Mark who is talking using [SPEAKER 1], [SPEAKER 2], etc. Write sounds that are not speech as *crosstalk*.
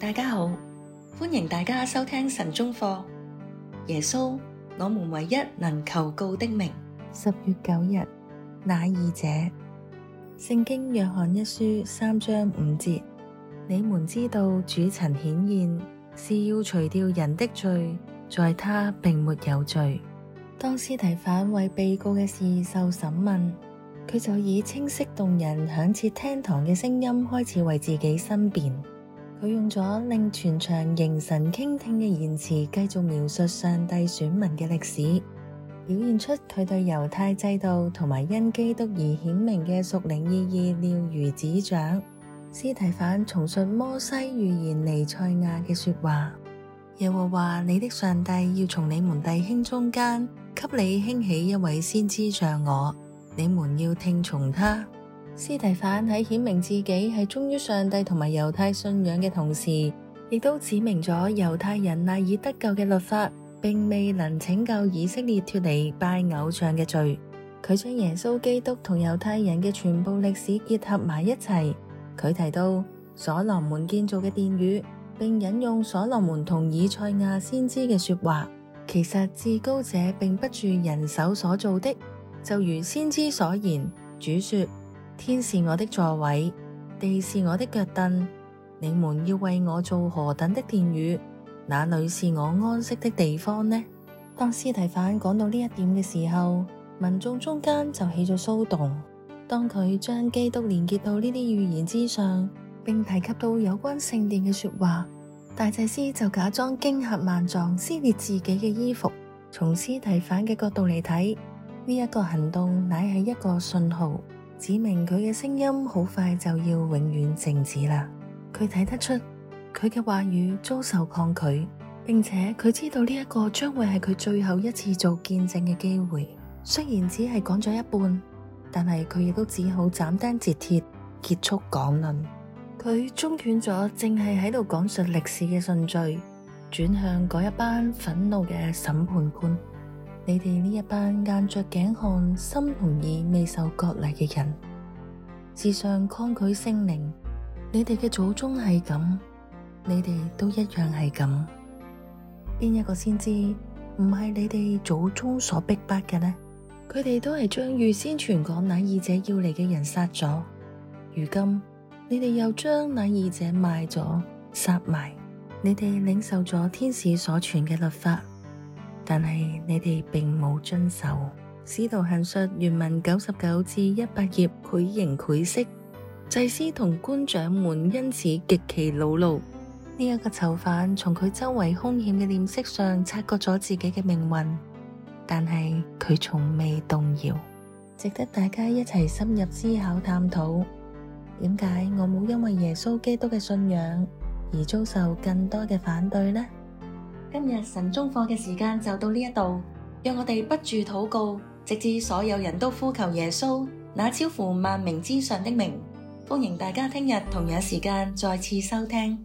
[SPEAKER 1] 大家好，歡迎大家收聽晨鐘課。耶穌，我們唯一能求告的名。十月九日，那義者，聖經約翰一書三章五節。你們知道主曾顯現是要除掉人的罪，在他並沒有罪。當司提反為被告嘅事受審問，佢就以清晰動人、響徹廳堂嘅聲音開始為自己申辯。佢用咗令全場凝神傾聽嘅言辭，繼續描述上帝選民嘅歷史，表現出佢對猶太制度同埋因基督而顯明嘅屬靈意義了如指掌。司提反重述摩西預言尼賽亞嘅說話：耶和華 *noise* 「你的上帝要從你們弟兄中間，給你興起一位先知像我，你們要聽從他。司提反喺顯明自己係忠於上帝同埋猶太信仰嘅同時，亦都指明咗猶太人賴以得救嘅律法，並未能拯救以色列脫離拜偶像嘅罪。佢將耶穌基督同猶太人嘅全部歷史結合埋一齊。佢提到所羅門建造嘅殿宇，並引用所羅門同以賽亞先知嘅說話。其實至高者並不住人手所造的，就如先知所言，主說。天是我的座位，地是我的腳凳，你們要為我做何等的殿宇？哪裏是我安息的地方呢？當司提反講到呢一點嘅時候，民眾中間就起咗騷動。當佢將基督連結到呢啲預言之上，並提及到有關聖殿嘅說話，大祭司就假裝驚嚇萬狀，撕裂自己嘅衣服。從司提反嘅角度嚟睇，呢、這、一個行動乃係一個信號。指明佢嘅聲音好快就要永遠靜止啦。佢睇得出佢嘅話語遭受抗拒，並且佢知道呢一個將會係佢最後一次做見證嘅機會。雖然只係講咗一半，但係佢亦都只好斬釘截鐵結束講論。佢中斷咗正係喺度講述歷史嘅順序，轉向嗰一班憤怒嘅審判官。你哋呢一班硬着頸、看、心同耳未受割禮嘅人，時常抗拒聖靈。你哋嘅祖宗係咁，你哋都一樣係咁。邊一個先知唔係你哋祖宗所逼迫嘅呢？佢哋都係將預先傳講那義者要嚟嘅人殺咗。如今你哋又將那義者賣咗、殺埋。你哋領受咗天使所傳嘅律法。但係你哋並冇遵守《使徒行述》原文九十九至一百頁。繪形繪色，祭司同官長們因此極其惱怒。呢一個囚犯從佢周圍凶險嘅臉色上察覺咗自己嘅命運，但係佢從未動搖。值得大家一齊深入思考探討：點解我冇因為耶穌基督嘅信仰而遭受更多嘅反對呢？今日神中課嘅時間就到呢一度，讓我哋不住禱告，直至所有人都呼求耶穌，那超乎萬名之上的名。歡迎大家聽日同樣時間再次收聽。